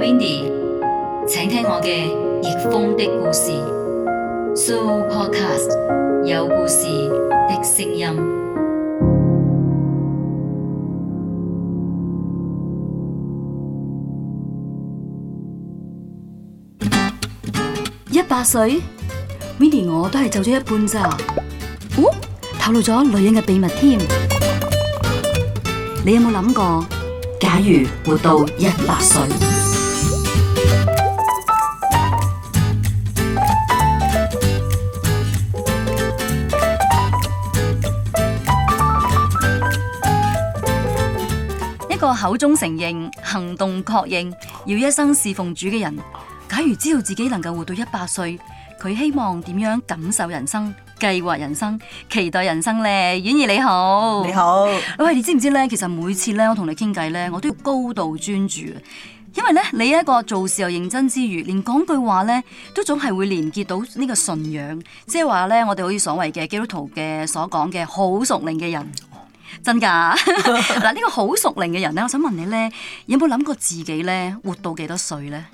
Windy 請聽我嘅逆風的故事。So Podcast 有故事的聲音。一百歲 Windy 我都係走咗一半咋？哦，透露咗女人嘅秘密添。你有冇諗過？假如活到一百歲？口中承認，行動確認，要一生侍奉主嘅人，假如知道自己能夠活到一百歲，佢希望點樣感受人生、計劃人生、期待人生呢？婉兒你好，你好。你好喂，你知唔知呢？其實每次呢，我同你傾偈呢，我都要高度專注。因為呢，你一個做事又認真之餘，連講句話呢，都總係會連結到呢個信仰，即係話呢，我哋好似所謂嘅基督徒嘅所講嘅好屬靈嘅人。真㗎嗱，呢 個好熟齡嘅人咧，我想問你咧，有冇諗過自己咧活到幾多歲咧？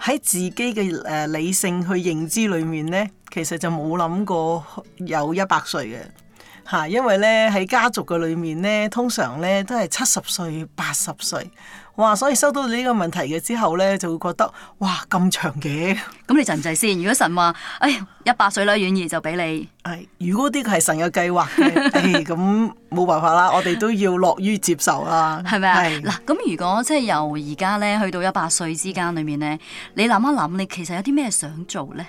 喺自己嘅誒理性去認知裏面咧，其實就冇諗過有一百歲嘅吓，因為咧喺家族嘅裏面咧，通常咧都係七十歲、八十歲。哇！所以收到呢個問題嘅之後咧，就會覺得哇咁長嘅。咁你制唔制先？如果神話，哎，一百歲啦，願意就俾你。係，如果呢個係神嘅計劃，咁冇辦法啦，我哋都要樂於接受啦，係咪啊？嗱，咁如果即係由而家咧去到一百歲之間裏面咧，你諗一諗，你其實有啲咩想做咧？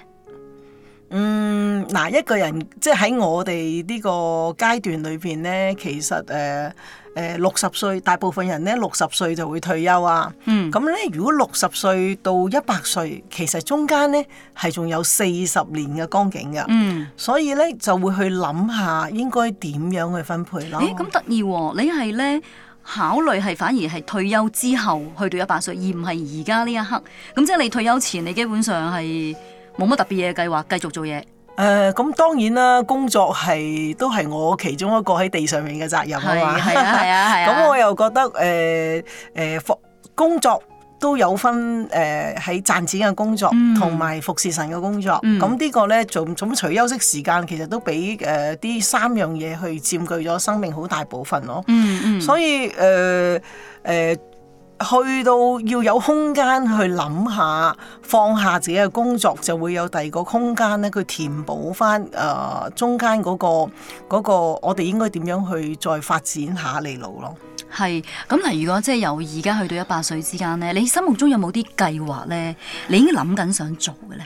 嗯，嗱，一個人即喺我哋呢個階段裏邊咧，其實誒、誒，六十歲，大部分人咧，六十歲就會退休啊。嗯，咁咧，如果六十歲到一百歲，其實中間咧係仲有四十年嘅光景㗎。嗯，所以咧就會去諗下應該點樣去分配囉。咦，咁得意喎！你係咧，考慮係反而係退休之後去到一百歲，而唔係而家呢一刻。咁即係你退休前，你基本上係。冇乜特別嘢計劃，繼續做嘢。誒、呃，咁、嗯、當然啦，工作係都係我其中一個喺地上面嘅責任啊嘛。係啊，係啊，係啊。咁、嗯、我又覺得誒誒服工作都有分誒喺賺錢嘅工作，同埋服侍神嘅工作。咁、嗯嗯、呢個咧，仲總，總除休息時間，其實都俾誒啲三樣嘢去佔據咗生命好大部分咯。嗯嗯。嗯所以誒誒。呃呃呃呃去到要有空間去諗下放下自己嘅工作，就會有第二個空間咧。佢填補翻誒、呃、中間嗰、嗰個嗰個我哋應該點樣去再發展下你路咯？係咁嚟，如果即係由而家去到一百歲之間咧，你心目中有冇啲計劃咧？你已經諗緊想做嘅咧？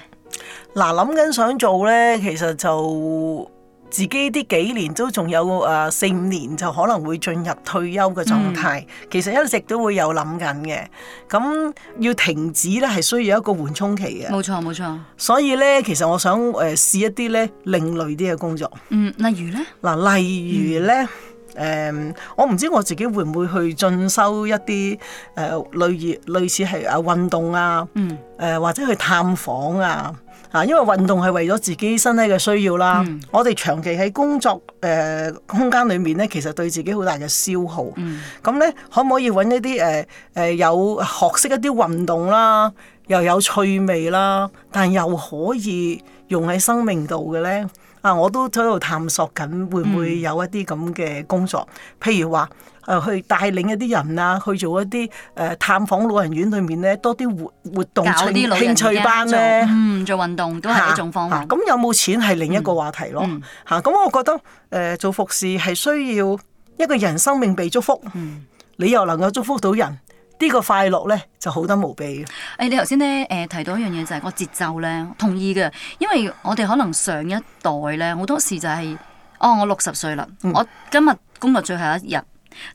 嗱、啊，諗緊想做咧，其實就。自己啲幾年都仲有誒四五年就可能會進入退休嘅狀態，嗯、其實一直都會有諗緊嘅。咁要停止咧，係需要一個緩衝期嘅。冇錯，冇錯。所以咧，其實我想誒試一啲咧另類啲嘅工作。嗯，例如咧嗱，例如咧誒、嗯，我唔知我自己會唔會去進修一啲誒類、類似類似係啊運動啊，嗯誒或者去探訪啊。啊，因為運動係為咗自己身體嘅需要啦。嗯、我哋長期喺工作誒、呃、空間裏面咧，其實對自己好大嘅消耗。咁咧、嗯，可唔可以揾一啲誒誒有學識一啲運動啦，又有趣味啦，但又可以用喺生命度嘅咧？啊，我都喺度探索緊，會唔會有一啲咁嘅工作？嗯、譬如話。誒去帶領一啲人啊，去做一啲誒探訪老人院裏面咧，多啲活活動趣興趣班咧，嗯，做運動都係一種方法、啊。咁、啊、有冇錢係另一個話題咯嚇。咁我、嗯啊啊、覺得誒做服侍係需要一個人生命被祝福，嗯、你又能夠祝福到人，呢、這個快樂咧就好、是、得無比。誒，你頭先咧誒提到一樣嘢就係、是、個節奏咧，同意嘅，因為我哋可能上一代咧好多時就係、是、哦，我六十歲啦，我今日工作最後一日。嗯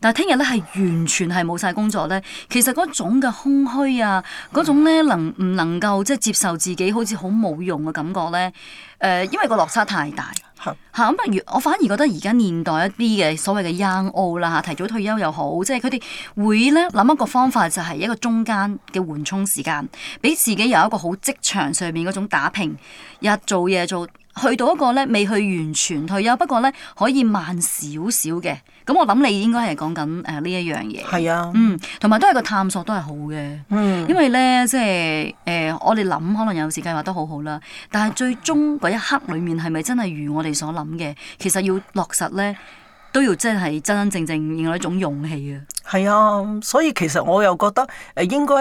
但係聽日咧，係完全係冇晒工作咧。其實嗰種嘅空虛啊，嗰種咧能唔能夠即係接受自己好似好冇用嘅感覺咧？誒、呃，因為個落差太大。嚇咁啊！如我反而覺得而家年代一啲嘅所謂嘅 young old 啦嚇，提早退休又好，即係佢哋會咧諗一個方法，就係一個中間嘅緩衝時間，俾自己有一個好職場上面嗰種打拼，日做夜做，去到一個咧未去完全退休，不過咧可以慢少少嘅。咁我諗你應該係講緊誒呢一樣嘢。係啊，嗯，同埋都係個探索都係好嘅，嗯，因為咧即係誒我哋諗可能有時計劃得好好啦，但係最終嗰一刻裡面係咪真係如我哋？所諗嘅，其實要落實咧，都要真係真真正正，另外一種勇氣啊！係啊，所以其實我又覺得誒，應該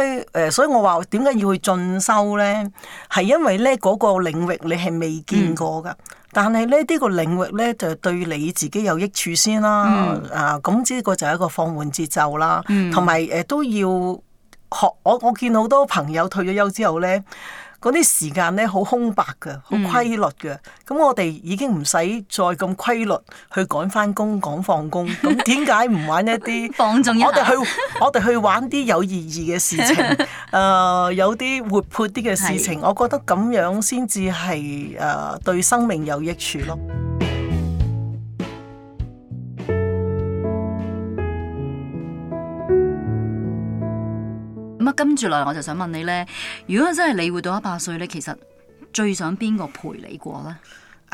誒，所以我話點解要去進修咧，係因為咧嗰個領域你係未見過噶，嗯、但係咧呢個領域咧就對你自己有益處先啦。嗯、啊，咁呢個就係一個放緩節奏啦，同埋誒都要學。我我見好多朋友退咗休之後咧。嗰啲時間咧好空白嘅，好規律嘅。咁、嗯、我哋已經唔使再咁規律去趕返工、趕放工。咁點解唔玩一啲？放縱 一我哋去我哋去玩啲有意義嘅事情。誒、 呃，有啲活潑啲嘅事情，的我覺得咁樣先至係誒對生命有益處咯。咁啊，跟住落嚟我就想問你咧，如果真係你活到一百歲咧，其實最想邊個陪你過咧？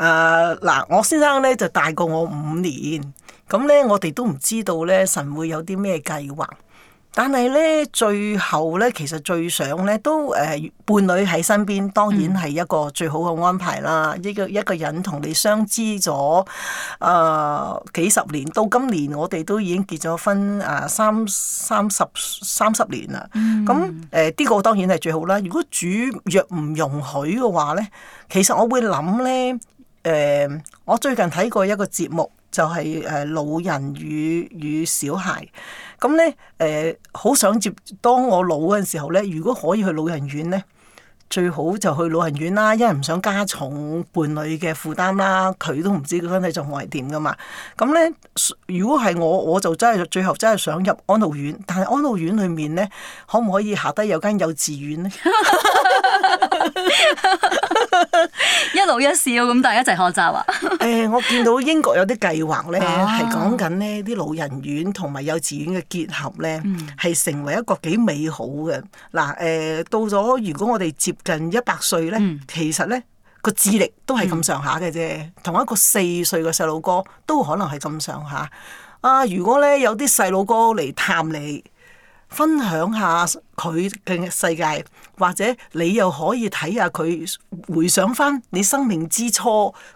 誒嗱，uh，我先生咧就大過我五年，咁咧我哋都唔知道咧，神會有啲咩計劃。但係咧，最後咧，其實最想咧都誒、呃，伴侶喺身邊，當然係一個最好嘅安排啦。呢、嗯、個一個人同你相知咗啊、呃、幾十年，到今年我哋都已經結咗婚啊三三十三十年啦。咁誒、嗯，呢、呃這個當然係最好啦。如果主若唔容許嘅話咧，其實我會諗咧，誒、呃，我最近睇過一個節目。就係誒老人與、與小孩，咁咧，誒好想接當我老嘅時候咧，如果可以去老人院咧，最好就去老人院啦，因為唔想加重伴侶嘅負擔啦，佢都唔知佢身體狀況係點噶嘛。咁咧，如果係我，我就真係最後真係想入安老院，但係安老院裏面咧，可唔可以下低有間幼稚園咧？ 一老一少，咁，大家一齊學習啊！誒、 欸，我見到英國有啲計劃咧，係講緊呢啲老人院同埋幼稚園嘅結合咧，係、嗯、成為一個幾美好嘅嗱。誒、呃，到咗如果我哋接近一百歲咧，嗯、其實咧個智力都係咁上下嘅啫，同、嗯、一個四歲嘅細路哥都可能係咁上下。啊，如果咧有啲細路哥嚟探你。分享下佢嘅世界，或者你又可以睇下佢回想翻你生命之初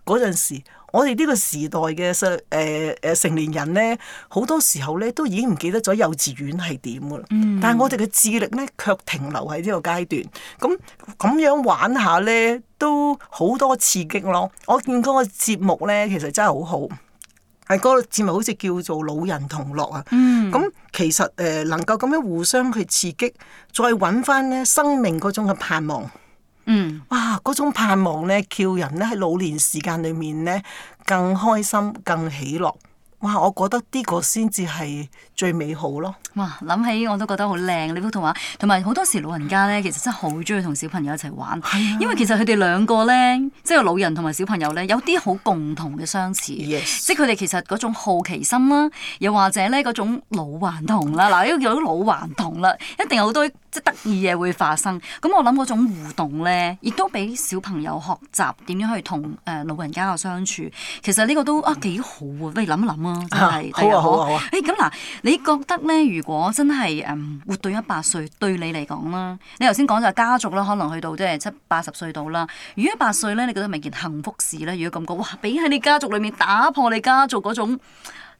嗰陣時。我哋呢個時代嘅誒誒成年人咧，好多時候咧都已經唔記得咗幼稚園係點嘅啦。但係我哋嘅智力咧卻停留喺呢個階段。咁咁樣玩下咧，都好多刺激咯。我見嗰個節目咧，其實真係好好。係嗰個節目好似叫做老人同樂啊！咁、嗯、其實誒能夠咁樣互相去刺激，再揾翻咧生命嗰種嘅盼望。嗯、哇！嗰種盼望咧，叫人咧喺老年時間裏面咧，更開心、更喜樂。哇！我覺得呢個先至係最美好咯。哇！諗起我都覺得好靚，你、這、幅、個、圖畫，同埋好多時老人家咧，其實真係好中意同小朋友一齊玩。 因為其實佢哋兩個咧，即係老人同埋小朋友咧，有啲好共同嘅相似。y Yes. 即係佢哋其實種好奇心啦，又或者咧種老頑童啦，嗱，呢、這個叫老頑童啦，一定有好多即係得意嘢會發生。咁我諗種互動咧，亦都俾小朋友學習點樣去同誒老人家嘅相處，其實呢個都啊幾好喎，不如諗一諗啊！啊，好好好。誒，咁嗱、嗯，你覺得咧？如果真係誒、嗯、活到一百歲，對你嚟講啦，你頭先講就家族啦，可能去到即係七八十歲到啦。如果一百歲咧，你覺得咪件幸福事咧？如果咁高，哇！俾喺你家族裏面打破你家族嗰種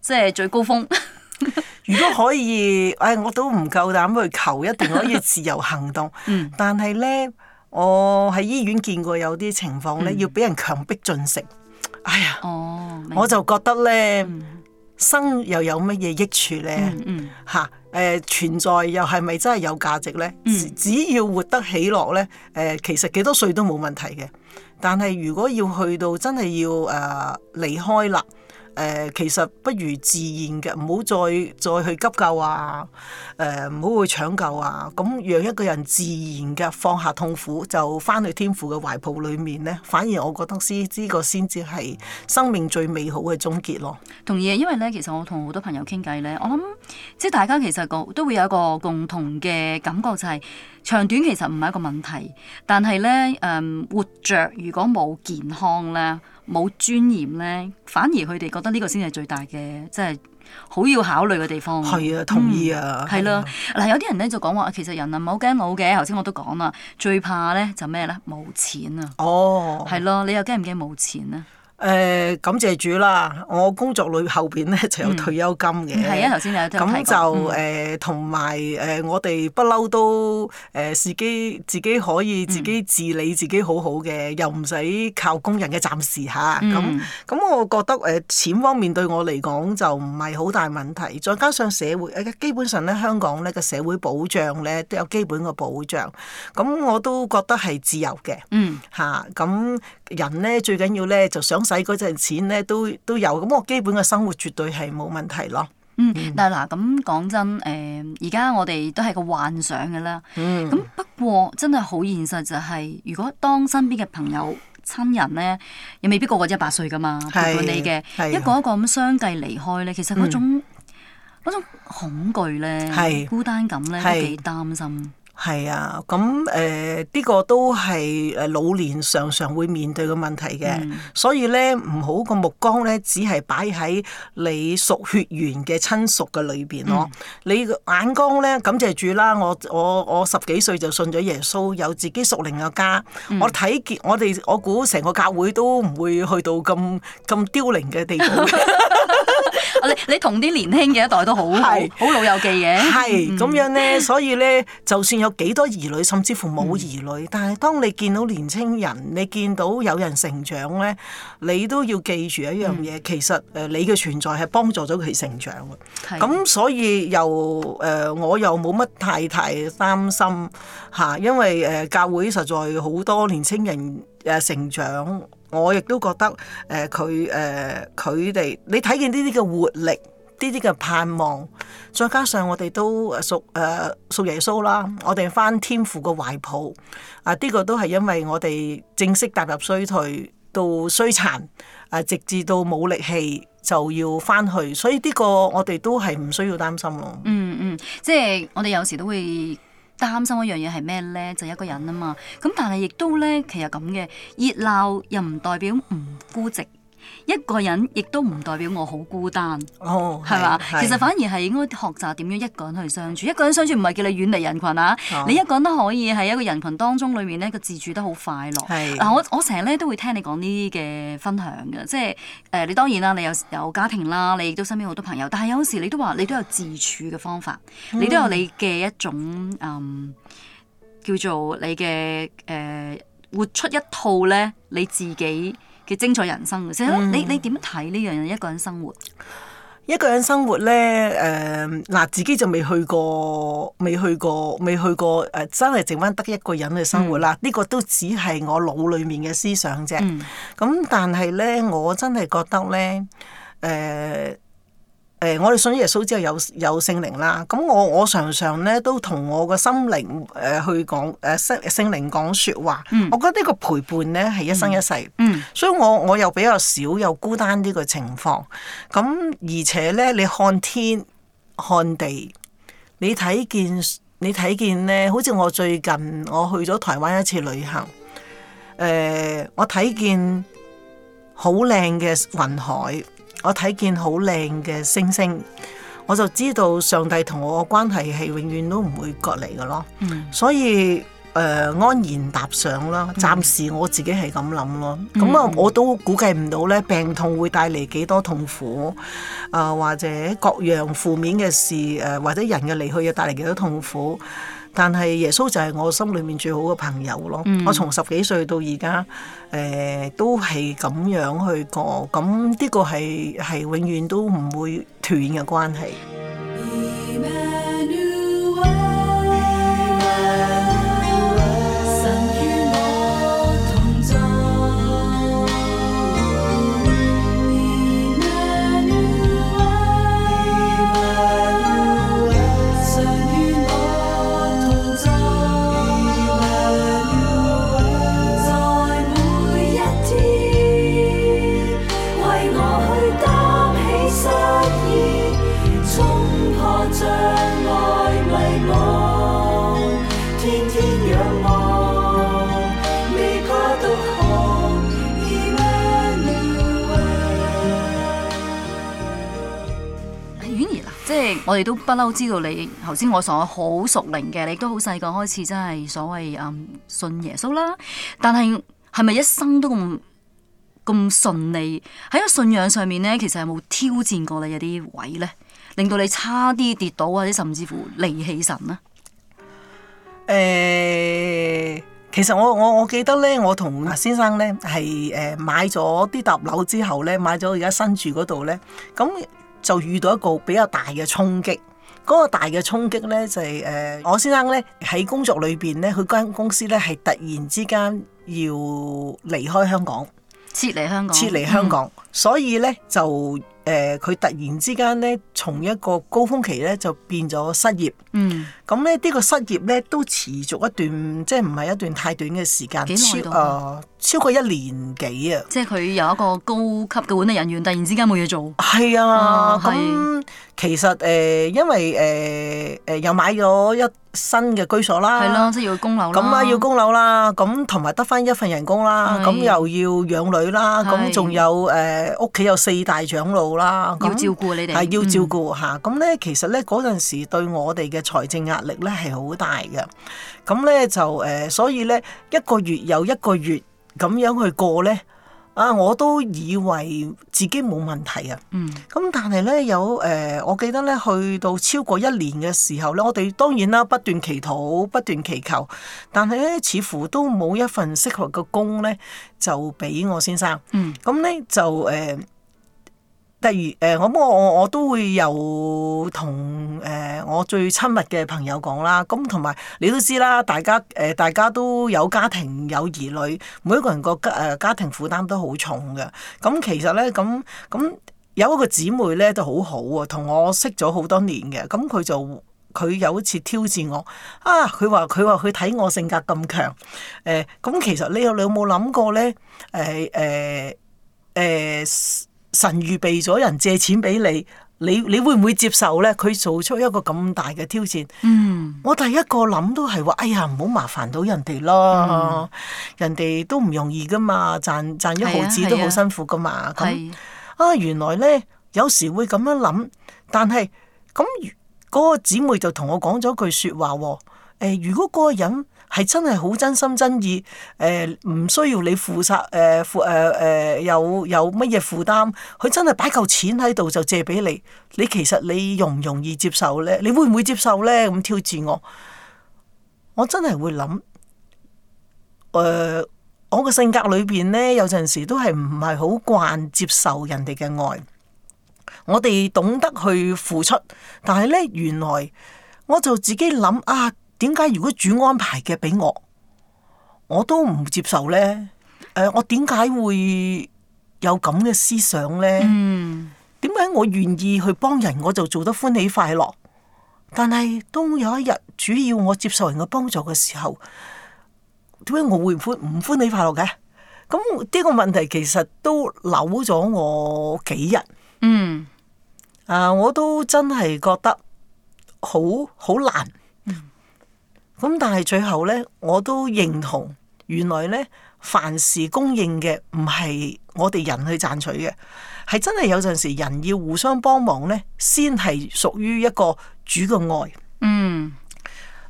即係最高峰。如果可以，誒、哎、我都唔夠膽去求，一定可以自由行動。 嗯、但係咧，我喺醫院見過有啲情況咧，要俾人強迫進食。哎呀，哦，我就覺得咧。生又有乜嘢益處咧？嚇、嗯，誒、嗯啊呃、存在又係咪真係有價值咧？嗯、只要活得喜樂咧，誒、呃、其實幾多歲都冇問題嘅。但係如果要去到真係要誒離、呃、開啦。誒、呃，其實不如自然嘅，唔好再再去急救啊！誒、呃，唔好去搶救啊！咁讓一個人自然嘅放下痛苦，就翻去天父嘅懷抱裏面咧，反而我覺得先呢個先至係生命最美好嘅終結咯。同意啊，因為咧，其實我同好多朋友傾偈咧，我諗即係大家其實個都會有一個共同嘅感覺，就係、是、長短其實唔係一個問題，但係咧誒，活着如果冇健康咧。冇尊嚴咧，反而佢哋覺得呢個先係最大嘅，真係好要考慮嘅地方。係啊，同意啊。係咯，嗱有啲人咧就講話，其實人啊唔好驚老嘅，頭先我都講啦，最怕咧就咩咧？冇錢啊！哦，係咯、啊，你又驚唔驚冇錢咧？誒、呃、感謝主啦！我工作裏後邊咧就有退休金嘅。係啊、嗯，頭先有咁就誒同埋誒我哋不嬲都誒、呃、自己自己可以自己治理自己好好嘅，又唔使靠工人嘅暫時吓。咁咁我覺得誒錢方面對我嚟講就唔係好大問題，再加上社會誒基本上咧香港咧個社會保障咧都有基本嘅保障，咁我都覺得係自由嘅。吓，咁人咧最緊要咧就想。使嗰陣錢咧都都有，咁我基本嘅生活絕對係冇問題咯。嗯，但係嗱，咁講真，誒、呃，而家我哋都係個幻想嘅啦。咁、嗯、不過真係好現實就係、是，如果當身邊嘅朋友、親人咧，又未必個個都一百歲噶嘛，陪伴是你嘅，的一個一個咁相繼離開咧，其實嗰種、嗯、種恐懼咧，係的孤單感咧的都幾擔心。係啊，咁誒呢個都係誒老年常常會面對嘅問題嘅。嗯、所以咧唔好個目光咧只係擺喺你屬血緣嘅親屬嘅裏邊咯。嗯、你眼光咧感謝住啦，我我我十幾歲就信咗耶穌，有自己屬靈嘅家，嗯、我睇見我哋我估成個教會都唔會去到咁咁凋零嘅地步。 你你同啲年輕嘅一代都好，是好老友記嘅。係咁樣咧，所以咧，就算有幾多兒女，甚至乎冇兒女，嗯、但係當你見到年青人，你見到有人成長咧，你都要記住一樣嘢，嗯、其實誒你嘅存在係幫助咗佢成長嘅。咁是，所以又誒、呃，我又冇乜太大擔心嚇、啊，因為誒、呃、教會實在好多年青人誒成長。我亦都覺得誒佢誒佢哋，你睇見呢啲嘅活力，呢啲嘅盼望，再加上我哋都屬誒屬耶穌啦，我哋翻天父嘅懷抱啊，呢個都係因為我哋正式踏入衰退到衰殘啊，直至到冇力氣就要翻去，所以呢個我哋都係唔需要擔心咯。嗯嗯，即係我哋有時都會。擔心一樣嘢係咩咧？就是、一個人啊嘛，咁但係亦都咧，其實咁嘅熱鬧又唔代表唔孤寂。一個人亦都唔代表我好孤單，係嘛、oh, 吧？其實反而係應該學習點樣一個人去相處。是一個人相處唔係叫你遠離人群啊，oh. 你一個人都可以喺一個人群當中裏面咧個自處得好快樂。係是，我我成日咧都會聽你講呢啲嘅分享嘅，即係誒、呃、你當然啦，你有有家庭啦，你亦都身邊好多朋友，但係有時你都話你都有自處嘅方法，mm. 你都有你嘅一種誒、嗯、叫做你嘅誒、呃、活出一套咧你自己嘅精彩人生，所、嗯、你你點睇呢樣一個人生活？一個人生活咧，誒、呃、嗱，自己就未去過，未去過，未去過，誒、呃、真係剩翻得一個人嘅生活啦！呢、嗯、個都只係我腦裡面嘅思想啫。咁、嗯、但係咧，我真係覺得咧，誒、呃。誒，我哋信耶穌之後有有聖靈啦。咁我我常常咧都同我個心靈誒、呃、去講誒、呃、聖聖靈講説話。Mm. 我覺得呢個陪伴咧係一生一世。Mm. Mm. 所以我，我我又比較少有孤單啲嘅情況。咁而且咧，你看天看地，你睇見你睇見咧，好似我最近我去咗台灣一次旅行。誒、呃，我睇見好靚嘅雲海。我睇見好靚嘅星星，我就知道上帝同我嘅關係係永遠都唔會割離嘅咯。嗯、所以誒、呃，安然踏上啦，暫時我自己係咁諗咯。咁啊，我都估計唔到咧，病痛會帶嚟幾多痛苦啊、呃，或者各樣負面嘅事誒、呃，或者人嘅離去又帶嚟幾多痛苦。但係耶穌就係我心裏面最好嘅朋友咯，mm. 我從十幾歲到而家，誒、呃、都係咁樣去過，咁呢、這個係係永遠都唔會斷嘅關係。即係我哋都不嬲知道你。頭先我所好熟齡嘅，你都好細個開始真，真係所謂啊信耶穌啦。但係係咪一生都咁咁順利？喺個信仰上面咧，其實有冇挑戰過你有啲位咧，令到你差啲跌倒或者甚至乎離棄神咧？誒、欸，其實我我我記得咧，我同先生咧係誒買咗啲搭樓之後咧，買咗我而家新住嗰度咧，咁。就遇到一個比較大嘅衝擊，嗰、那個大嘅衝擊呢，就係、是、誒、呃，我先生呢喺工作裏邊呢，佢間公司呢，係突然之間要離開香港，撤離香港，撤離香港，嗯、所以呢，就誒，佢、呃、突然之間呢，從一個高峰期呢，就變咗失業，嗯。咁咧，呢個失業咧都持續一段，即係唔係一段太短嘅時間，超啊、呃、超過一年幾啊！即係佢有一個高級嘅管理人員，突然之間冇嘢做。係啊，咁其實誒，因為誒誒又買咗一新嘅居所啦，係咯，即係、呃、要供樓啦，咁啊要供樓啦，咁同埋得返一份人工啦，咁係、呃、又要養女啦，咁、嗯、仲有誒屋企有四大長老啦，啊嗯、要照顧、啊、你哋係要照顧吓。咁咧、嗯嗯，其實咧嗰陣時對我哋嘅財政壓力咧係好大嘅，咁咧就誒，所以咧一個月又一個月咁樣去過咧，啊，我都以為自己冇問題啊，嗯，咁但係咧有誒，我記得咧去到超過一年嘅時候咧，我哋當然啦不斷祈禱，不斷祈求，但係咧似乎都冇一份適合嘅工咧就俾我先生，嗯，咁咧就誒。例如誒、呃，我我我都會有同誒、呃、我最親密嘅朋友講啦。咁同埋你都知啦，大家誒、呃、大家都有家庭有兒女，每一個人個家誒家庭負擔都好重嘅。咁、嗯、其實咧，咁、嗯、咁、嗯、有一個姊妹咧都好好喎，同我識咗好多年嘅。咁、嗯、佢就佢有一次挑戰我啊，佢話佢話佢睇我性格咁強誒。咁、呃嗯、其實你有你有冇諗過咧？誒誒誒。呃呃呃呃神預備咗人借錢俾你，你你會唔會接受咧？佢做出一個咁大嘅挑戰，嗯，我第一個諗都係話：哎呀，唔好麻煩到人哋咯，嗯，人哋都唔容易噶嘛，賺賺一毫子都好辛苦噶嘛。咁啊，啊，那啊，原來咧有時會咁樣諗，但係咁嗰個姊妹就同我講咗句説話喎，呃，如果嗰個人。係真係好真心真意，誒、呃、唔需要你負責，誒負誒誒有有乜嘢負擔？佢真係擺嚿錢喺度就借俾你，你其實你容唔容易接受咧？你會唔會接受咧？咁挑戰我，我真係會諗，誒、呃、我嘅性格裏邊咧，有陣時都係唔係好慣接受人哋嘅愛。我哋懂得去付出，但係咧原來我就自己諗啊。點解如果主安排嘅，俾我，我都唔接受咧？誒、呃，我點解會有咁嘅思想咧？點解、mm. 我願意去幫人，我就做得歡喜快樂？但係當有一日，主要我接受人嘅幫助嘅時候，點解我會唔歡唔歡喜快樂嘅？咁呢個問題其實都扭咗我幾日。嗯，啊，我都真係覺得好好難。咁但係最後咧，我都認同，原來咧，凡事供應嘅唔係我哋人去賺取嘅，係真係有陣時人要互相幫忙咧，先係屬於一個主嘅愛。嗯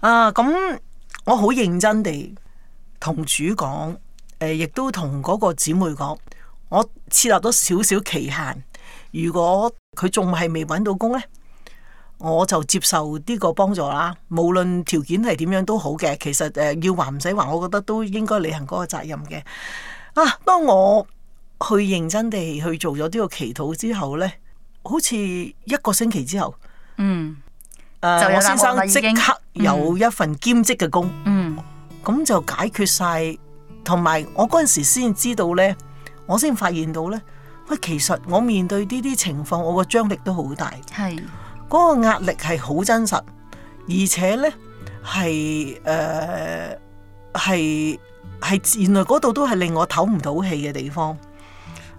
啊，咁我好認真地同主講，誒、呃，亦都同嗰個姊妹講，我設立咗少少期限，如果佢仲係未揾到工咧。我就接受呢個幫助啦，無論條件係點樣都好嘅。其實誒，要還唔使還，我覺得都應該履行嗰個責任嘅。啊，當我去認真地去做咗呢個祈禱之後咧，好似一個星期之後，嗯，呃、就我先生即刻有一份兼職嘅工，嗯，嗯，咁就解決晒。同埋我嗰陣時先知道咧，我先發現到咧，喂，其實我面對呢啲情況，我個張力都好大。係。嗰個壓力係好真實，而且呢係誒係係原來嗰度都係令我唞唔到氣嘅地方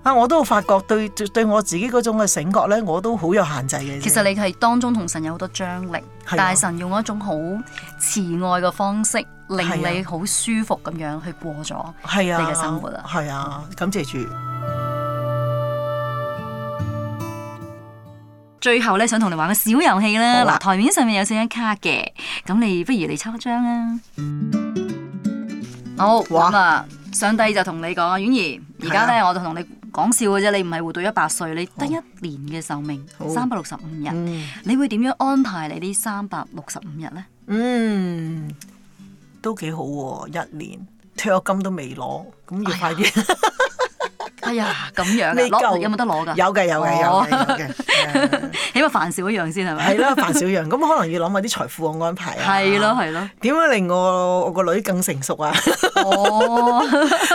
啊！我都發覺對對我自己嗰種嘅醒覺呢，我都好有限制嘅。其實你係當中同神有好多張力，啊、大神用一種好慈愛嘅方式，令你好舒服咁樣去過咗啊，你嘅生活啦。係啊，感謝主。最後咧，想同你玩個小遊戲啦。嗱啦，台面上面有四張卡嘅，咁你不如你抽一張啦、啊。嗯、好，玩啊，上帝就同你講，婉兒，而家咧，啊、我就同你講笑嘅啫。你唔係活到一百歲，你得一年嘅壽命，三百六十五日。嗯、你會點樣安排你呢三百六十五日咧？嗯，都幾好喎、啊，一年退休金都未攞，咁要快、哎呀。啲。 哎呀，咁樣你攞有冇得攞噶？有嘅有嘅有嘅，起碼煩少一樣先係咪？係啦，煩少一樣，咁可能要諗下啲財富嘅安排啊。係咯係咯。點樣令我我個女更成熟啊？哦，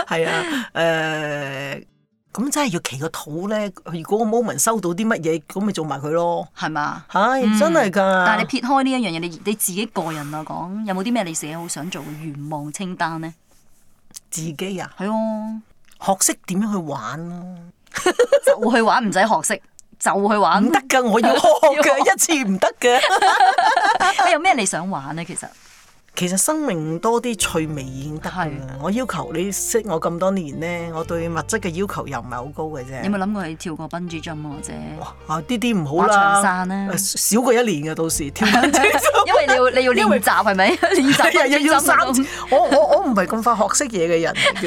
係啊，誒，咁真係要其個肚咧。如果個 moment 收到啲乜嘢，咁咪做埋佢咯。係嘛？係真係㗎。但係你撇開呢一樣嘢，你你自己個人啊講，有冇啲咩你自己好想做嘅願望清單咧？自己啊？係哦。學識點樣去玩咯、啊，就去玩唔使學識，就去玩唔得噶，我要學噶，一次唔得噶。你有咩你想玩咧？其實。其實生命多啲趣味已經得噶。是我要求你識我咁多年咧，我對物質嘅要求又唔係好高嘅啫。有冇諗過去跳個笨豬跳或者？啲啲唔好啦山，啊啊，少過一年嘅，啊、到時跳笨豬跳， 因為你要你要練習係咪？練習為。 要三，我我我唔係咁快學識嘢嘅人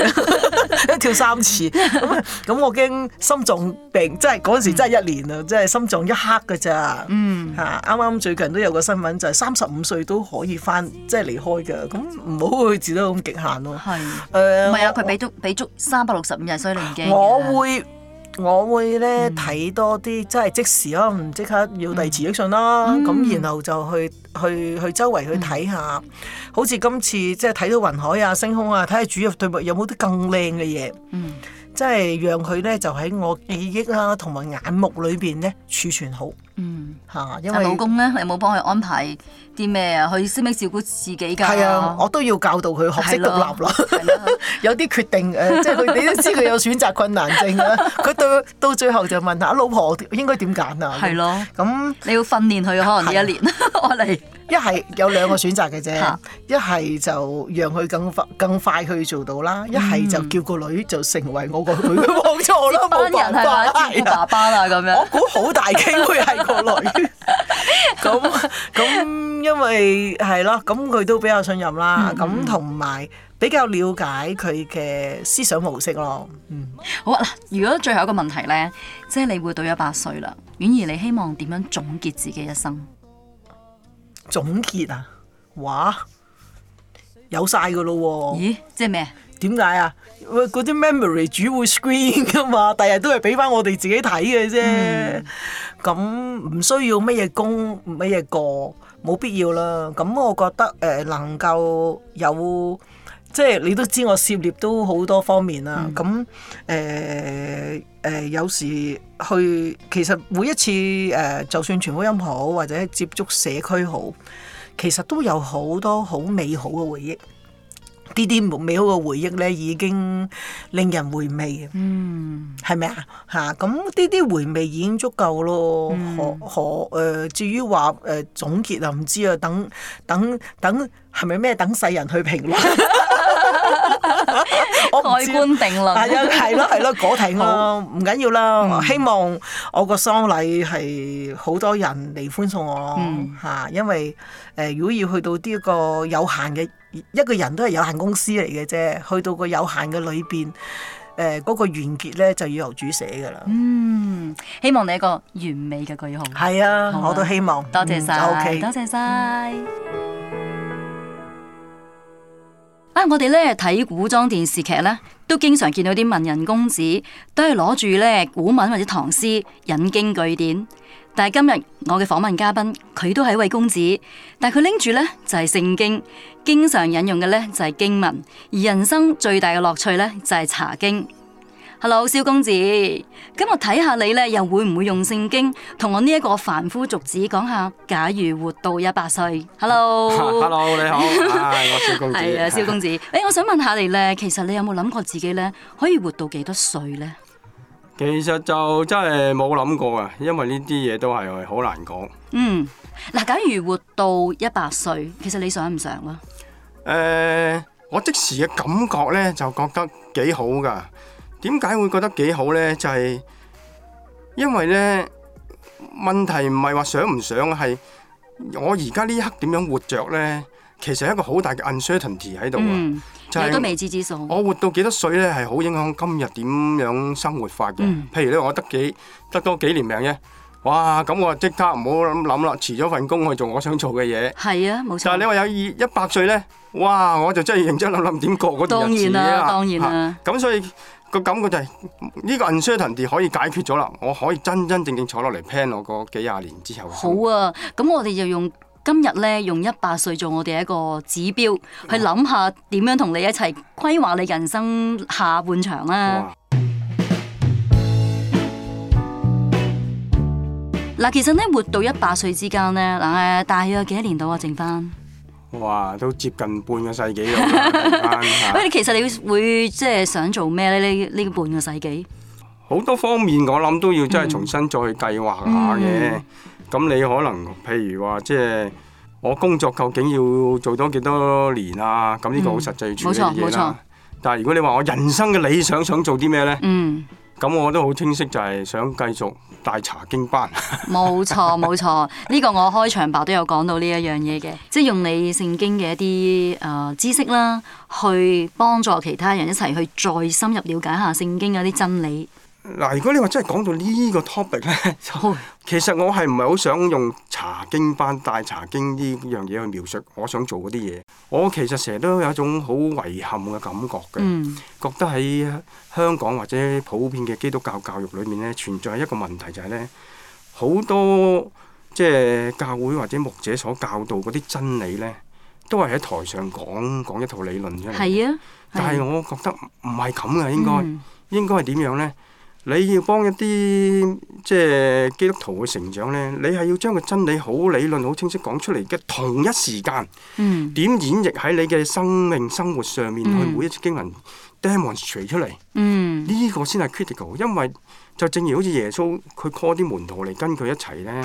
一跳三次咁咁我驚心臟病，真係嗰陣時真係一年啦，真係、嗯、心臟一刻嘅咋。嗯。吓，啱啱最近都有個新聞就係三十五歲都可以翻，即係嚟。開嘅，咁唔好去至到咁極限咯。係，誒，唔係啊，佢俾足俾足三百六十五日，所以你唔驚。我會，我會咧睇、嗯、多啲，即係即時可能即刻要遞辭職信啦。咁、嗯、然後就去去去周圍去睇下，嗯、好似今次即係睇到雲海啊、星空啊，睇下主日對物有冇啲更靚嘅嘢，嗯、即係讓佢咧就喺我記憶啦同埋眼目裏邊咧儲存好。嗯吓，因為老公咧，你有冇幫佢安排啲咩啊？佢識唔識照顧自己噶？係啊，我都要教導佢學識獨立咯。係啦，有啲決定誒，即係佢，你都知佢有選擇困難症啊。佢到到最後就問下老婆應該點揀啊？係咯，咁你要訓練佢可能一年，我嚟。一係有兩個選擇嘅啫，一係就讓佢更快更快去做到啦，一係就叫個女就成為我個女冇錯啦，冇人怪爸爸啊咁樣。我估好大機會係。咁咁， 因為係咯，咁佢都比較信任啦，咁同埋比較了解佢嘅思想模式咯。嗯，好啊嗱，如果最後一個問題咧，即係你會到一百歲啦，婉兒，你希望點樣總結自己一生？總結啊，哇有晒噶咯喎？咦，即係咩？點解啊？嗰啲 memory 主會會 screen 噶嘛？第日都係俾翻我哋自己睇嘅啫。嗯咁唔需要乜嘢功，乜嘢過，冇必要啦。咁我覺得誒、呃、能夠有，即係你都知我涉獵都好多方面啦。咁誒誒有時去，其實每一次誒、呃，就算全部音樂好或者接觸社區好，其實都有好多好美好嘅回憶。啲啲美好嘅回憶咧，已經令人回味，嗯，嗯，係咪啊？嚇，咁啲啲回味已經足夠咯。何何誒至於話誒總結啊？唔知啊，等等等係咪咩？等世人去評論， 我外知。觀定論係咯係咯，嗰題我唔緊要啦。我希望我個喪禮係好多人嚟歡送我嚇、啊嗯，因為誒、呃嗯、如果要去到啲個有，有限嘅。一個人都係有限公司嚟嘅啫，去到個有限嘅裏邊，誒、呃、嗰、那個完結咧就要由主寫噶啦。嗯，希望你一個完美嘅句號。係啊，吧我都希望。多謝晒、嗯謝嗯，多謝晒。啊，我哋咧睇古裝電視劇咧，都經常見到啲文人公子都係攞住咧古文或，或者唐詩引經據典，典。 但係今日我嘅訪問嘉賓，佢都係一位公子，但係佢拎住呢就係聖經，經常引用嘅呢就係經文，而人生最大嘅樂趣呢，就係查經。Hello，蕭公子，咁我睇下你呢，又會唔會用聖經同我呢一個凡夫俗子講下，假如活到一百歲？Hello，Hello，你好，係、 哎、我蕭公子。係 啊，蕭公子，誒、欸，我想問下你呢，其實你有冇諗過自己呢，可以活到幾多歲呢？其實就真係冇諗過啊，因為呢啲嘢都係好難講。嗯，嗱，假如活到一百歲，其實你想唔想啊？誒，我即時嘅感覺呢，就覺得幾好噶。點解會覺得幾好呢？就係因為呢，問題唔係話想唔想，係我而家呢一刻點樣活着呢。其實一個好大嘅 uncertainty 喺度啊，即係都未知之數。我活到幾多歲咧，係好影響今日點樣生活法嘅。譬如咧，我得幾得多幾年命啫，哇！咁我即刻唔好諗諗啦，辭咗份工去做我想做嘅嘢。係啊，冇錯。但係你話有二一百歲咧，哇！我就真係認真諗諗點過嗰日子啊。當然啦，當然啦。咁所以個感覺就係呢個 uncertainty 可以解決咗啦，我可以真真正正坐落嚟 plan 我嗰幾廿年之後。好啊，咁我哋就用。今日咧，用一百歲做我哋一個指標，去諗下點樣同你一齊規劃你人生下半場啦、啊。嗱嘩，其實咧，活到一百歲之間咧，嗱，大約幾多年度啊？剩翻？哇，都接近半個世紀咯。喂， 你 其實你要會即係、就是、想做咩咧？呢呢個半個世紀，好多方面我諗都要真係重新再去計劃下嘅。嗯嗯咁你可能譬如話，即係我工作究竟要做多幾多年啊？咁呢個好實際主嘅嘢啦。嗯、冇錯冇錯。但係如果你話我人生嘅理想想做啲咩呢？嗯，咁我都好清晰，就係想繼續帶查經班。冇錯冇錯，呢 個我開場白都有講到呢一樣嘢嘅，即係用你聖經嘅一啲誒、呃、知識啦，去幫助其他人一齊去再深入了解一下聖經嗰啲真理。嗱，如果你話真係講到呢個 topic 咧， 其實我係唔係好想用查經班帶查經呢樣嘢去描述我想做嗰啲嘢。我其實成日都有一種好遺憾嘅感覺嘅，嗯、覺得喺香港或者普遍嘅基督教教育裏面咧，存在一個問題就係、是、咧，好多即係、就是、教會或者牧者所教導嗰啲真理咧，都係喺台上講講一套理論出嚟。啊、嗯，但係我覺得唔係咁嘅，應該、嗯、應該係點樣咧？你要幫一啲即係基督徒嘅成長咧，你係要將個真理好理論好清晰講出嚟嘅同一時間，點、嗯、演繹喺你嘅生命生活上面、嗯、去每一處經文 demonstrate 出嚟，呢、嗯、個先係 critical。因為就正如好似耶穌佢 call 啲門徒嚟跟佢一齊咧，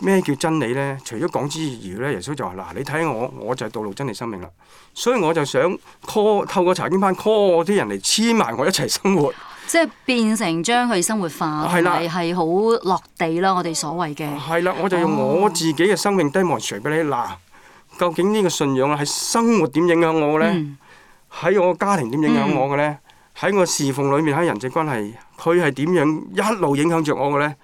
咩叫真理咧？除咗講之餘咧，耶穌就話嗱，你睇我，我就係道路真理生命啦。所以我就想 call 透過查經班 call 啲人嚟黐埋我一齊生活。即係變成將佢生活化，係係好落地啦。我哋所謂嘅係啦，我就用我自己嘅生命 demonstrate 俾你。嗱，究竟呢個信仰係生活點影響我嘅咧？喺、嗯、我家庭點影響我嘅咧？喺、嗯、我侍奉裡面，喺人際關係，佢係點樣一路影響着我嘅咧？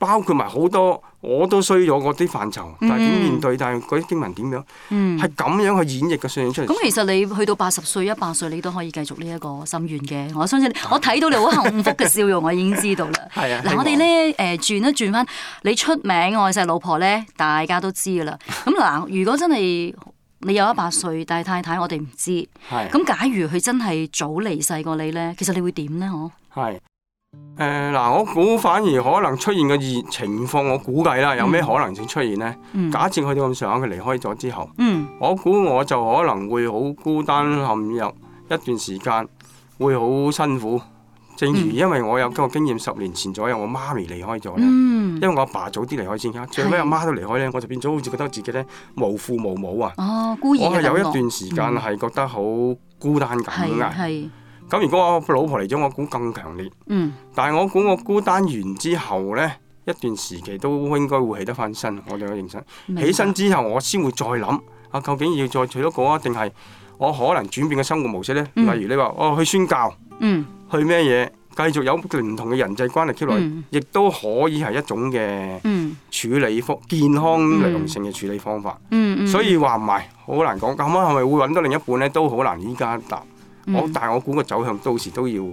包括埋好多，我都衰咗我啲範疇，但係點面對？但係嗰啲經文點樣？係咁、嗯、樣去演繹嘅信仰出嚟。咁其實你去到八十歲、一百歲，你都可以繼續呢一個心願嘅。我相信我睇到你好幸福嘅笑容，我已經知道啦。嗱、 啊，我哋咧誒轉一轉翻，你出名愛錫老婆咧，大家都知噶啦。咁嗱，如果真係你有一百歲，但係太太我哋唔知。係。咁假如佢真係早離世過你咧，其實你會點咧？嗬。係。誒，嗱、呃，我估反而可能出現嘅情情況，我估計啦，嗯、有咩可能性出現呢？嗯、假設去到咁上下，佢離開咗之後，嗯、我估我就可能會好孤單，陷入一段時間，會好辛苦。正如因為我有個經驗，十年前左右，我媽咪離開咗、嗯、因為我阿爸、爸早啲離開先噶，最尾阿媽都離開呢，我就變咗好似覺得自己呢無父無母啊。哦、孤兒啊，我係有一段時間係覺得好孤單咁咁如果我老婆嚟咗，我估更強烈。嗯、但係我估我孤單完之後呢一段時期都應該會起得翻身。我哋要認真。明白。起身之後，我先會再諗。啊，究竟要再娶多個啊，定係我可能轉變嘅生活模式呢？嗯、例如你話，我、哦、去宣教。嗯、去咩嘢？繼續有唔同嘅人際關係接落去，亦都可以係一種嘅處理方、嗯、健康良性嘅處理方法。嗯嗯嗯、所以話唔係好難講，咁啊係咪會揾到另一半呢？都好難。依家答。嗯、但我但係我估個走向到時都要。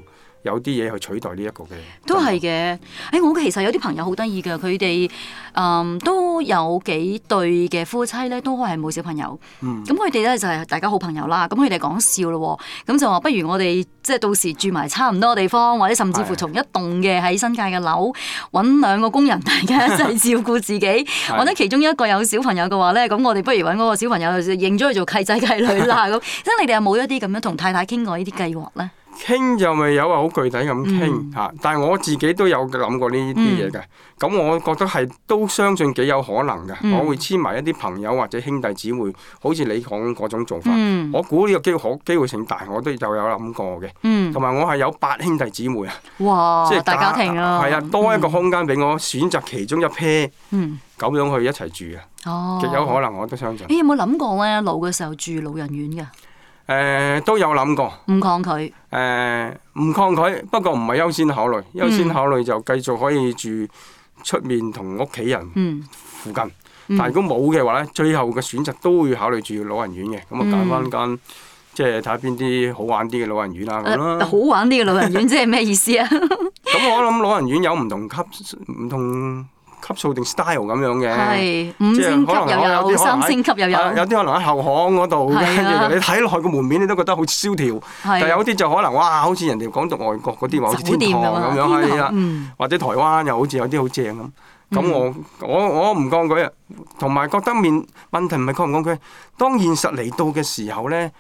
有啲嘢去取代呢一個嘅，都係嘅。誒，我其實有啲朋友好得意㗎，佢哋誒都有幾對嘅夫妻咧，都係冇小朋友。咁佢哋咧就係、是、大家好朋友啦。咁佢哋講笑咯、喔，咁就話不如我哋即係到時住埋差唔多嘅地方，或者甚至乎同一棟嘅喺新界嘅樓揾是的 兩個工人，大家一齊照顧自己。 是的 或者其中一個有小朋友嘅話咧，咁我哋不如揾嗰個小朋友認咗佢做契仔契女啦。咁， 即係你哋有冇一啲咁樣同太太傾過呢啲計劃咧？傾就未有話好具體咁傾吓，但係我自己都有諗過呢啲嘢嘅，咁我覺得係都相信幾有可能嘅，我會黐埋一啲朋友或者兄弟姊妹，好似你講嗰種做法，我估呢個機會機會性大，我都就有諗過嘅。同埋我係有八兄弟姊妹啊，哇，即係大家庭咯。係啊，多一個空間俾我選擇其中一 pair 咁樣去一齊住啊，哦，極有可能，我都相信。你有冇諗過咧？老嘅時候住老人院嘅？誒、呃，都有諗過，唔抗拒、呃。誒，唔抗拒，不過唔係優先考慮，優、嗯、先考慮就繼續可以住出面同屋企人附近。嗯、但係如果冇嘅話咧，最後嘅選擇都會考慮住老人院嘅。咁啊，揀翻間即係睇下邊啲好玩啲嘅老人院啊咁啦。好玩啲嘅老人院即係咩意思啊？咁 我諗老人院有唔同級，唔同。級數定 style 咁樣嘅，即係可能又有啲三星級又有，有啲可能喺後巷嗰度嘅。你睇落去個門面，你都覺得好蕭條。但有啲就可能哇，好似人哋講到外國嗰啲話，好似天台天堂咁樣係啦，或者台灣又好似有啲好正咁。咁我我我唔抗拒，啊，同埋覺得面問題唔係抗唔抗拒，當現實嚟到嘅時候咧，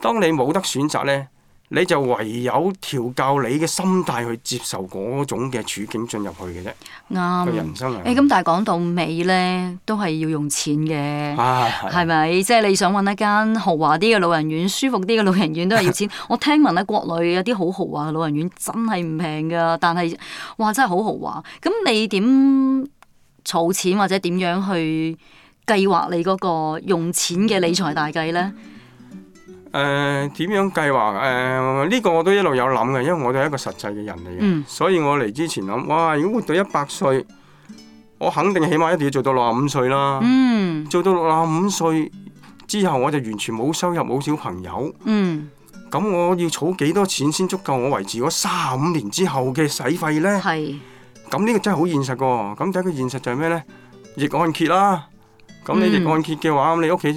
當你冇得選擇咧。你就唯有調教你嘅心態去接受嗰種嘅處境進入去嘅啫。啱、嗯。人生啊。咁但係講到尾呢，都係要用錢嘅，係咪？即係你想揾一間豪華啲嘅老人院，舒服啲嘅老人院都係要錢。 我聽聞喺國內有啲好豪華嘅老人院真係唔平噶，但係哇真係好豪華。咁你點儲錢或者點樣去計劃你嗰個用錢嘅理財大計呢？誒點樣計劃？誒呢個我都一路有諗嘅，因為我哋係一個實際嘅人嚟嘅，所以我嚟之前諗，哇！如果活到一百歲，我肯定起碼一定要做到六十五歲啦。嗯，做到六十五歲之後，我就完全冇收入，冇小朋友。嗯，咁我要儲幾多錢先足夠我維持嗰三五年之後嘅使費咧？係。咁呢個真係好現實㗎。咁第一個現實就係咩咧？逆按揭啦。咁你逆按揭嘅話，咁你屋企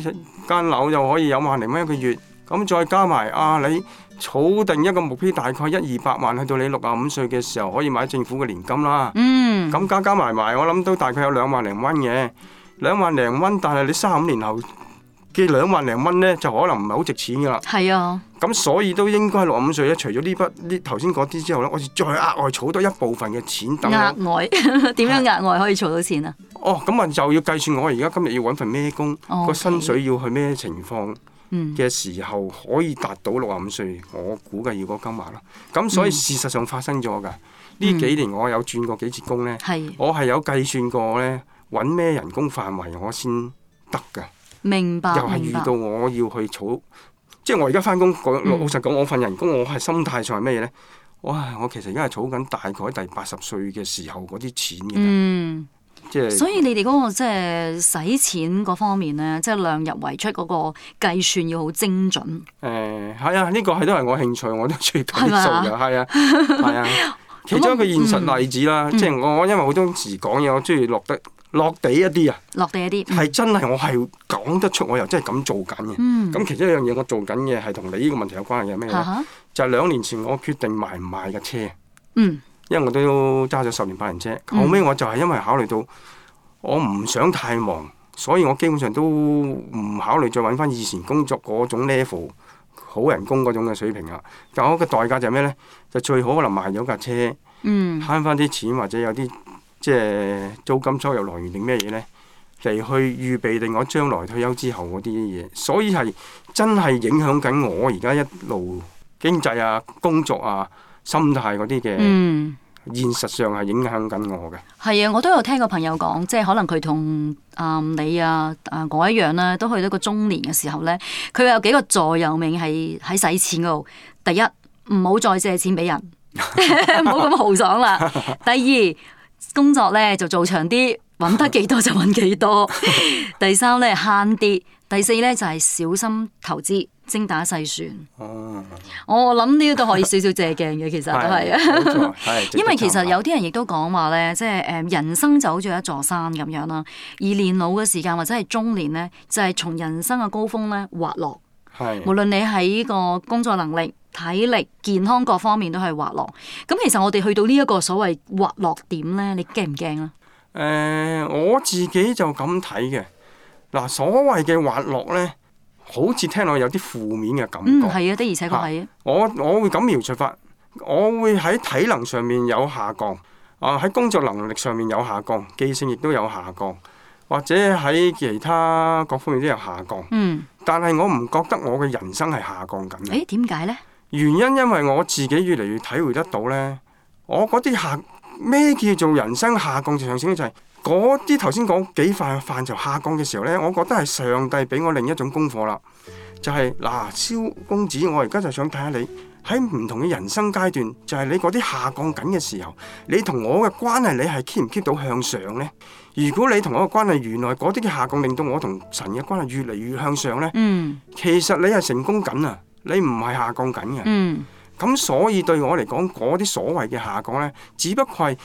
間樓就可以有萬零蚊一個月。咁再加埋，阿、啊、你儲定一個目標，大概一二百萬，去到你六十五歲嘅時候，可以買政府嘅年金啦。嗯。咁加加埋埋，我諗都大概有兩萬零蚊嘅，兩萬零蚊，但係你三五年後嘅兩萬零蚊咧，就可能唔係好值錢噶啦。係啊。咁所以都應該六十五歲咧，除咗呢筆呢頭先嗰啲之後咧，我哋再額外儲多一部分嘅錢等。額額外？點 樣額外可以儲到錢啊？ 哦，咁啊，就要計算我而家今日要搵份咩工，個薪 Okay. 水要去咩情況？嘅、嗯、時候可以達到六十五歲，我估計要嗰金額囉，咁所以事實上發生咗㗎。呢、嗯、幾年我有轉過幾次工咧，嗯、我係有計算過咧，揾咩人工範圍我先得㗎。明白，又係遇到我要去儲，明白。即係我而家翻工講老實講，我份人工我係心態上係咩嘢咧？哇！我其實而家係儲緊大概第八十歲嘅時候嗰啲錢嘅。嗯。即所以你哋嗰、那個即係使錢嗰方面咧，即係量入為出嗰個計算要好精準。誒、欸，係啊，呢、這個係都係我興趣，我都中意計啲數嘅，係吧啊，係啊，啊。其中一個現實例子啦，嗯、即係我因為好多時講嘢，我中意落得落地一啲啊，落地一啲係、嗯、真係我係講得出，我又真係咁做緊嘅。咁、嗯、其中一樣嘢我做緊嘅係同你呢個問題有關係咩？有啊、哈就係兩年前我決定買唔買架車。嗯。因為我都揸咗十年八年車，後尾我就係因為考慮到我唔想太忙，所以我基本上都唔考慮再揾翻以前工作嗰種 level 好人工嗰種嘅水平啦。但我嘅代價就係咩呢？就最好可能賣咗架車，嗯，慳翻啲錢或者有啲即係租金收入來源定咩嘢呢，嚟去預備，定我將來退休之後嗰啲嘢。所以係真係影響緊我而家一路經濟啊、工作啊、心態嗰啲嘅。現實上係影響緊我嘅，係啊，我都有聽個朋友講，即係可能佢同啊你啊啊我一樣啦，都去到個中年嘅時候咧，佢有幾個座右銘係喺使錢嗰度。第一，唔好再借錢俾人，唔好咁豪爽啦。第二，工作咧就做長啲，揾得幾多就揾幾多。 第三咧，慳啲，第四咧就係、是、小心投資。精打細算哦，嗯、我諗呢都可以少少借鏡嘅，其實都係啊， 因為其實有啲人亦都講話咧，即係誒人生就好似一座山咁樣啦，而年老嘅時間或者係中年咧，就係、是、從人生嘅高峰咧滑落，是無論你喺個工作能力、體力、健康各方面都係滑落。咁其實我哋去到呢一個所謂滑落點咧，你驚唔驚咧？誒、呃，我自己就咁睇嘅嗱，所謂嘅滑落咧。好似聽落有啲負面嘅感覺，係啊，嗯，的而且確係啊。我我會咁描述法，我會喺體能上面有下降，啊、呃、喺工作能力上面有下降，記性亦都有下降，或者喺其他各方面都有下降。嗯，但係我唔覺得我嘅人生係下降緊。誒、欸，點解呢？原因因為我自己越嚟越體會得到呢。我嗰啲下咩叫做人生下降上升就係、是。嗰啲頭先講幾塊飯就下降嘅時候呢，我覺得係上帝俾我另一種功課啦，就係、是、嗱，蕭公子，我而家就想睇下你喺唔同嘅人生階段，就係、是、你嗰啲下降緊嘅時候，你同我嘅關係，你係 keep 唔 keep 到向上呢？如果你同我嘅關係原來嗰啲嘅下降令到我同神嘅關係越嚟越向上呢，嗯、其實你係成功緊啊，你唔係下降緊嘅。咁、嗯、所以對我嚟講，嗰啲所謂嘅下降呢，只不過係。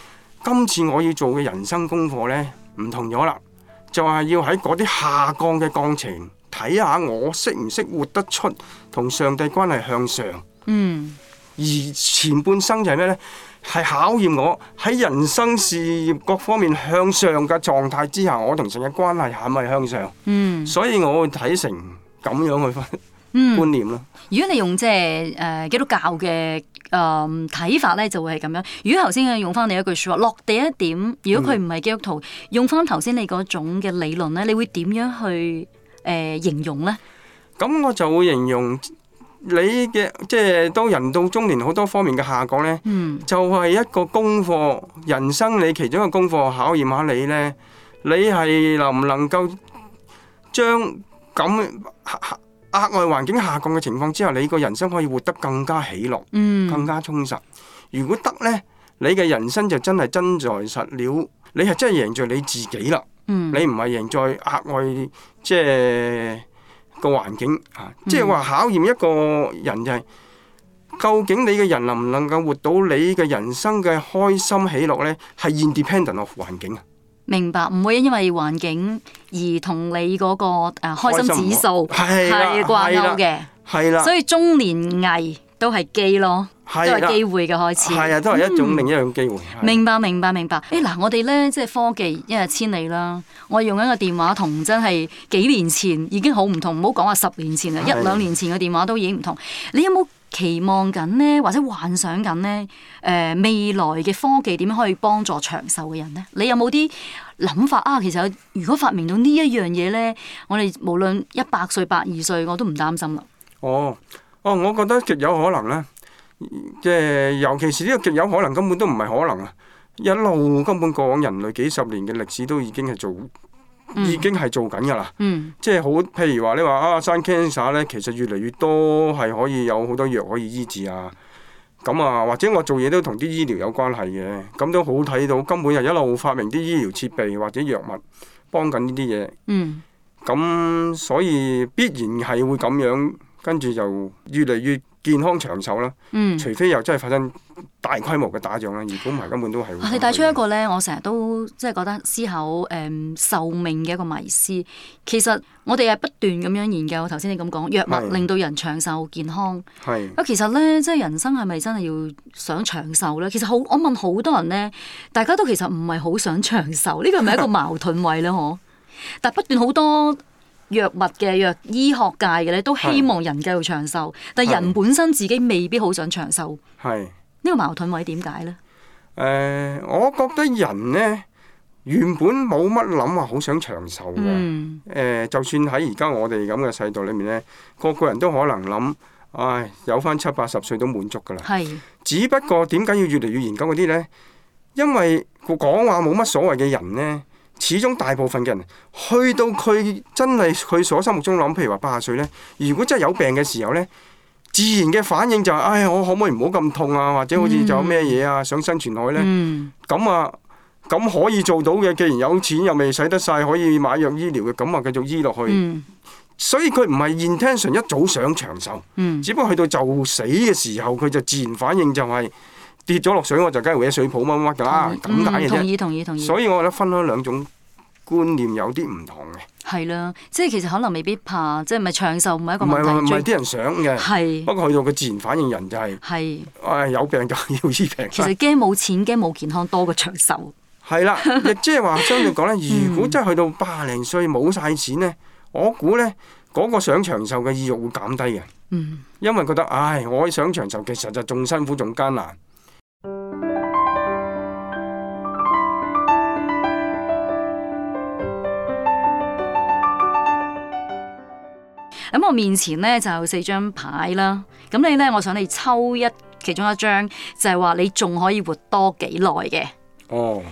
今次我要做嘅人生功課呢，唔同咗啦，就係、是、要喺嗰啲下降嘅過程睇下我識唔識活得出，同上帝關係向上。嗯，而前半生就係咩呢？係考驗我喺人生事業各方面向上嘅狀態之下，我同神嘅關係係咪向上？嗯，所以我會睇成咁樣去分。嗯，觀念咯。如果你用即係誒基督教嘅誒睇法咧，就會係咁樣。如果頭先用翻你一句説話落地一點，如果佢唔係基督徒，嗯、用翻頭先你嗰種嘅理論咧，你會點樣去誒、呃、形容咧？咁、嗯、我就會形容你嘅即係當人到中年，好多方面嘅下降咧，嗯、就係一個功課，人生你其中一個功課，考驗下你咧，你係能唔能夠將咁？額外環境下降嘅情況之下，你個人生可以活得更加喜樂，嗯、更加充實。如果得呢，你嘅人生就真係真材實料，你係真係贏在你自己啦。嗯、你唔係贏在額外即係、這個環境啊！即係話考驗一個人就係、是、究竟你嘅人能唔能夠活到你嘅人生嘅開心喜樂呢？係 independent of 環境啊！明白，唔會因為環境而同你嗰、那個誒、啊、開心指數係掛鈎嘅，係啦、啊，啊啊、所以中年危都係機咯，啊、都係機會嘅開始，係啊，都係一種、嗯、另一種機會。啊、明白，明白，明白。誒、哎、嗱，我哋呢即係科技一日千里啦，我用緊個電話同真係幾年前已經好唔同，唔好講話十年前啦，啊、一兩年前嘅電話都已經唔同。你有冇？期望緊呢，或者幻想緊呢，誒、呃、未來嘅科技點樣可以幫助長壽嘅人呢？你有冇啲諗法啊？其實如果發明到呢一樣嘢呢，我哋無論一百歲、百二歲，我都唔擔心啦。哦，哦，我覺得極有可能呢，即、呃、係尤其是呢個極有可能根本都唔係可能啊！一路根本過往人類幾十年嘅歷史都已經係做。嗯、已經係做緊噶啦，嗯、即係好，譬如話你話啊，生 cancer 咧，其實越嚟越多係可以有好多藥可以醫治啊。咁啊，或者我做嘢都同啲醫療有關係嘅，咁都好睇到，根本係一路發明啲醫療設備或者藥物幫緊呢啲嘢。嗯，咁所以必然係會咁樣，跟住就越嚟越。健康長壽啦，嗯、除非又真係發生大規模嘅打仗咧，而本嚟根本都係。你帶出一個咧，嗯、我成日都即係覺得思考誒、嗯、壽命嘅一個迷思。其實我哋係不斷咁樣研究頭先你咁講藥物令到人長壽健康。係啊是，其實咧即係人生係咪真係要想長壽咧？其實好，我問好多人咧，大家都其實唔係好想長壽，呢個係咪一個矛盾位咧？可？ 但係不斷好多。藥物嘅藥，醫學界嘅咧，都希望人繼續長壽，但係人本身自己未必好想長壽。係呢個矛盾位點解咧？誒，我覺得人咧原本冇乜諗話好想長壽嘅。誒，就算喺而家我哋咁嘅世道裏面咧，個個人都可能諗，唉，有翻七八十歲都滿足噶啦。係，只不過點解要越嚟越研究嗰啲咧？因為個講話冇乜所謂嘅人咧。始終大部分嘅人去到佢真係佢所心目中諗，譬如話八十歲呢，如果真係有病嘅時候呢，自然嘅反應就係、是，唉、哎，我可唔可以唔好咁痛啊？或者好似仲有咩嘢啊，想生存下去呢？咁、嗯、啊，咁可以做到嘅，既然有錢又未使得晒，可以買藥醫療嘅，咁啊繼續醫落去。嗯、所以佢唔係 intention 一早想長壽，嗯、只不過去到就死嘅時候，佢就自然反應就係、是。跌咗落水，我就梗係揾水泡掹掹㗎啦，咁解嘅啫。同意，同意，同意。所以，我覺得分開兩種觀念有啲唔同嘅。係啦，即係其實可能未必怕，即係唔係長壽唔係一個問題。唔係唔係啲人想嘅。係的。不過去到個自然反應，人就係、係、係。誒的，有病就要醫病。其實驚冇錢，驚冇健康多過長壽。係啦， 亦即係話相對講咧，如果真係去到八零歲冇晒錢咧， 嗯、我估咧嗰個想長壽嘅意欲會減低嘅。嗯、因為覺得，唉，我想長壽，其實就仲辛苦，仲艱難。咁我面前咧就有四張牌啦，咁你咧，我想你抽一其中一張，就係話你仲可以活多幾耐嘅。哦，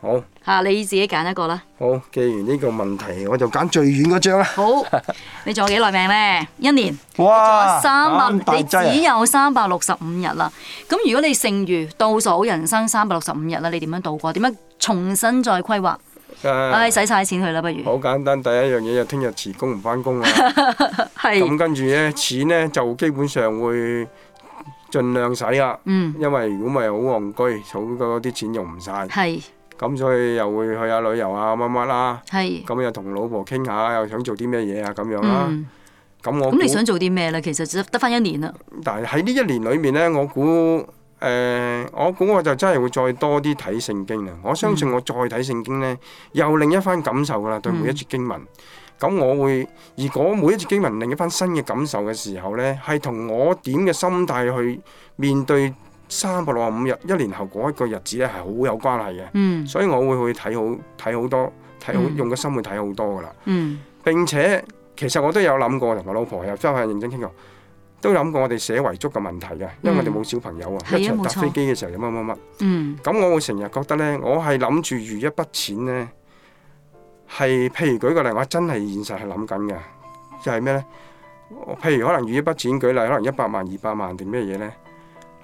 好。吓、啊、你自己揀一個啦。好，既然呢個問題，我就揀最遠嗰張啦。 好，你仲有幾耐命咧？一年。哇，三百，你只有三百六十五日啦。咁、啊、如果你剩餘倒數人生三百六十五日啦，你點樣度過？點樣重新再規劃？唉，使曬、uh，錢去啦，不如。好簡單，第一樣嘢就聽日辭工唔返工啦。咁 是跟住呢，錢呢就基本上會盡量使啦。嗯。因為如果咪好戇居，儲多啲錢用唔晒。咁是所以又會去下旅遊啊，乜乜啦。咁是又同老婆傾下，又想做啲咩嘢啊？咁樣啦、啊。咁、嗯、我咁你想做啲咩呢？其實得得返一年啦。但係喺呢一年裏面呢，我估。誒、呃，我估我就真係會再多啲睇聖經啦。我相信我再睇聖經呢，又另一番感受噶啦。對每一節經文，咁、嗯、我會，如果每一節經文另一番新嘅感受嘅時候呢，係同我點嘅心態去面對三百六十五日一年後嗰一個日子咧，係好有關係嘅。嗯、所以我會去睇好睇好，好，好多，睇好用個心去睇好多噶啦。嗯。並且其實我都有諗過同我老婆又真係認真傾過。都諗過我哋寫遺囑嘅問題嘅，因為我哋冇小朋友啊，嗯、一齊搭飛機嘅時候有乜乜乜。嗯，咁我會成日覺得呢，我係諗住預一筆錢呢。係譬如舉個例話，我真係現實係諗緊嘅，就係、是、咩呢？譬如可能預一筆錢，舉例可能一百萬、二百萬定咩嘢呢？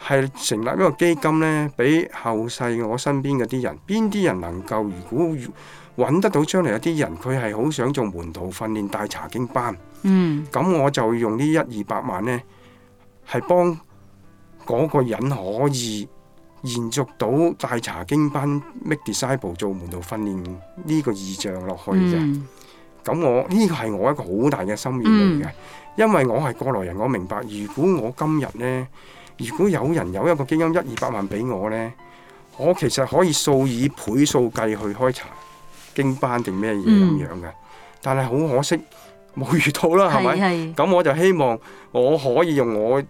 係成立一個基金呢，俾後世我身邊嗰啲人，邊啲人能夠？如果揾得到將嚟一啲人，佢係好想做門徒訓練帶查經班。嗯，咁我就用呢一二百萬呢，係幫嗰個人可以延續到大查經班 make disciple、嗯、做門徒訓練呢個意象落去嘅。咁我呢、呢個係我一個好大嘅心願嚟嘅，嗯、因為我係過來人，我明白如果我今日呢，如果有人有一個基金一二百萬俾我呢，我其實可以數以倍數計去開查經班定咩嘢咁樣嘅，嗯、但係好可惜。冇遇到啦，係咪是是？咁我就希望我可以用我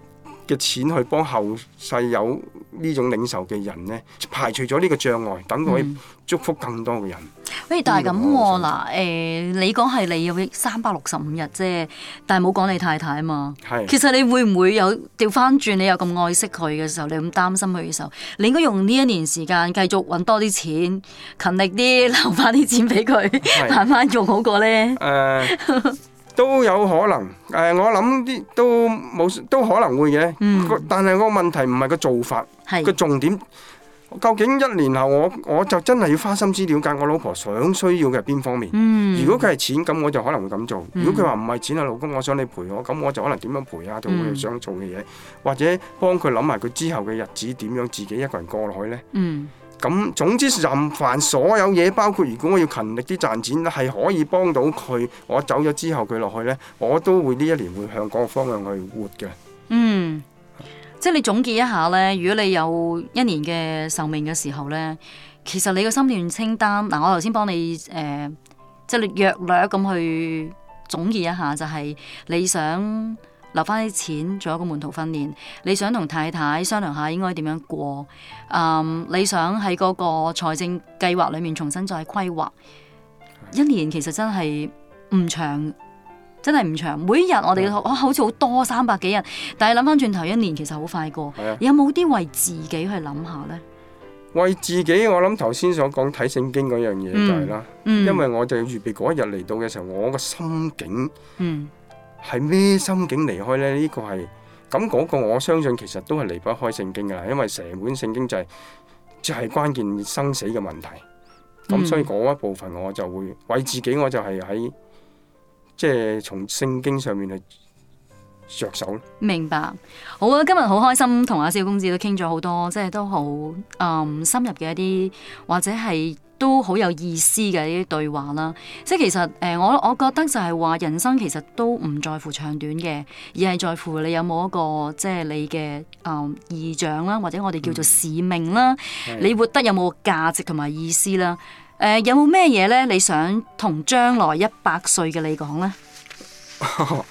嘅錢去幫後世有呢種領受嘅人呢，排除咗呢個障礙，等佢祝福更多嘅人。誒、嗯，但係咁喎嗱，誒，你講係你要三百六十五日啫，但係冇講你太太啊嘛。是的 其實你會唔會有掉翻轉？你有咁愛惜佢嘅時候，你咁擔心佢嘅時候，你應該用呢一年時間繼續揾多啲錢，勤力啲留翻啲錢俾佢，是的 慢慢用好過呢。誒。呃 都有可能，誒、呃，我諗啲都冇，都可能會嘅。嗯、但係個問題唔係個做法，個是重點，究竟一年後我我就真係要花心思了解我老婆想需要嘅係邊方面。嗯、如果佢係錢，咁我就可能會咁做。如果佢話唔係錢啊，老公，我想你陪我，咁我就可能點樣陪下、啊、佢想做嘅嘢，嗯、或者幫佢諗埋佢之後嘅日子點樣自己一個人過落去呢。嗯咁總之，任凡所有嘢，包括如果我要勤力啲賺錢，係可以幫到佢。我走咗之後，佢落去呢，我都會呢一年會向各個方向去活嘅。嗯，即係你總結一下呢，如果你有一年嘅壽命嘅時候呢，其實你嘅心願清單嗱、啊，我頭先幫你誒、呃，即係你約略咁去總結一下，就係、是、你想。留翻啲錢做一個門徒訓練，你想同太太商量下應該點樣過？嗯，你想喺嗰個財政計劃裏面重新再規劃。的一年其實真係唔長，真係唔長。每一日我哋好似好多、嗯、三百幾日，但係諗翻轉頭一年其實好快過。的有冇啲為自己去諗下呢？為自己，我諗頭先所講睇聖經嗰樣嘢就係、是、啦，嗯嗯、因為我就預備嗰一日嚟到嘅時候，我個心境嗯。係咩心境離開呢？呢、呢個係咁嗰個，我相信其實都係離不開聖經噶啦，因為成本聖經就係、是、就係、是、關鍵生死嘅問題。咁所以嗰一部分我就會、嗯、為自己，我就係喺即係從聖經上面去着手。明白。好啊，今日好開心同阿小公子都傾咗好多，即、就、係、是、都好、嗯、深入嘅一啲或者係。都好有意思嘅呢啲對話啦，即係其實誒、呃，我我覺得就係話人生其實都唔在乎長短嘅，而係在乎你有冇一個即係你嘅誒、呃、意象啦，或者我哋叫做使命啦，嗯、你活得有冇價值同埋意思啦，誒、呃、有冇咩嘢咧？你想同將來一百歲嘅你講咧？誒嗱、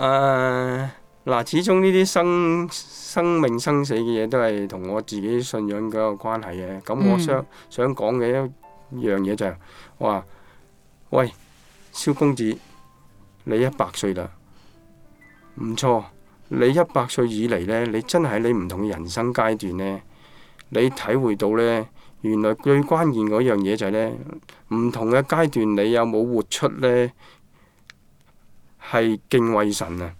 呃，始終呢啲生。生命生死嘅嘢都係同我自己信仰嘅關係嘅，咁我想、嗯、想講嘅一樣嘢就係，話喂，蕭公子，你一百歲啦，唔錯，你一百歲以嚟，呢，你真係你唔同嘅人生階段呢。你體會到呢，原來最關鍵嗰樣嘢就係、係、呢：唔同嘅階段你有冇活出呢？係敬畏神啊，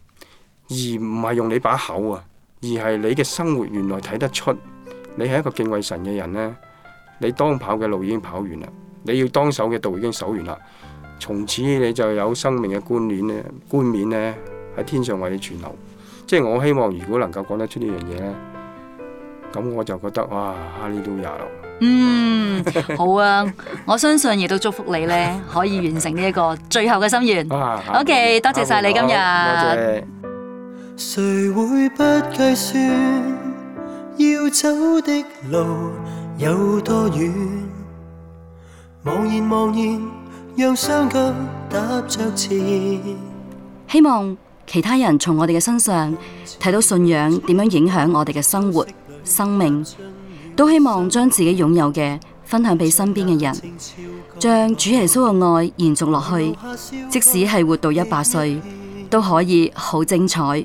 而唔係用你把口啊。而係你嘅生活原來睇得出，你係一個敬畏神嘅人呢。你當跑嘅路已經跑完啦，你要當守嘅道已經守完啦。從此你就有生命嘅觀念呢。觀面呢，喺天上為你存留。即係我希望，如果能夠講得出呢樣嘢呢，咁我就覺得哇，哈利路亞囉。嗯，好啊， 我相信亦都祝福你呢，可以完成呢一個最後嘅心願。O K，多謝晒你今日。誰會不計算要走的路有多遠？茫然茫然，讓雙腳踏着前。希望其他人從我哋嘅身上睇到信仰點樣影響我哋嘅生活、生命，都希望將自己擁有嘅分享俾身邊嘅人，將主耶穌嘅愛延續落去。即使係活到一百歲，都可以好精彩。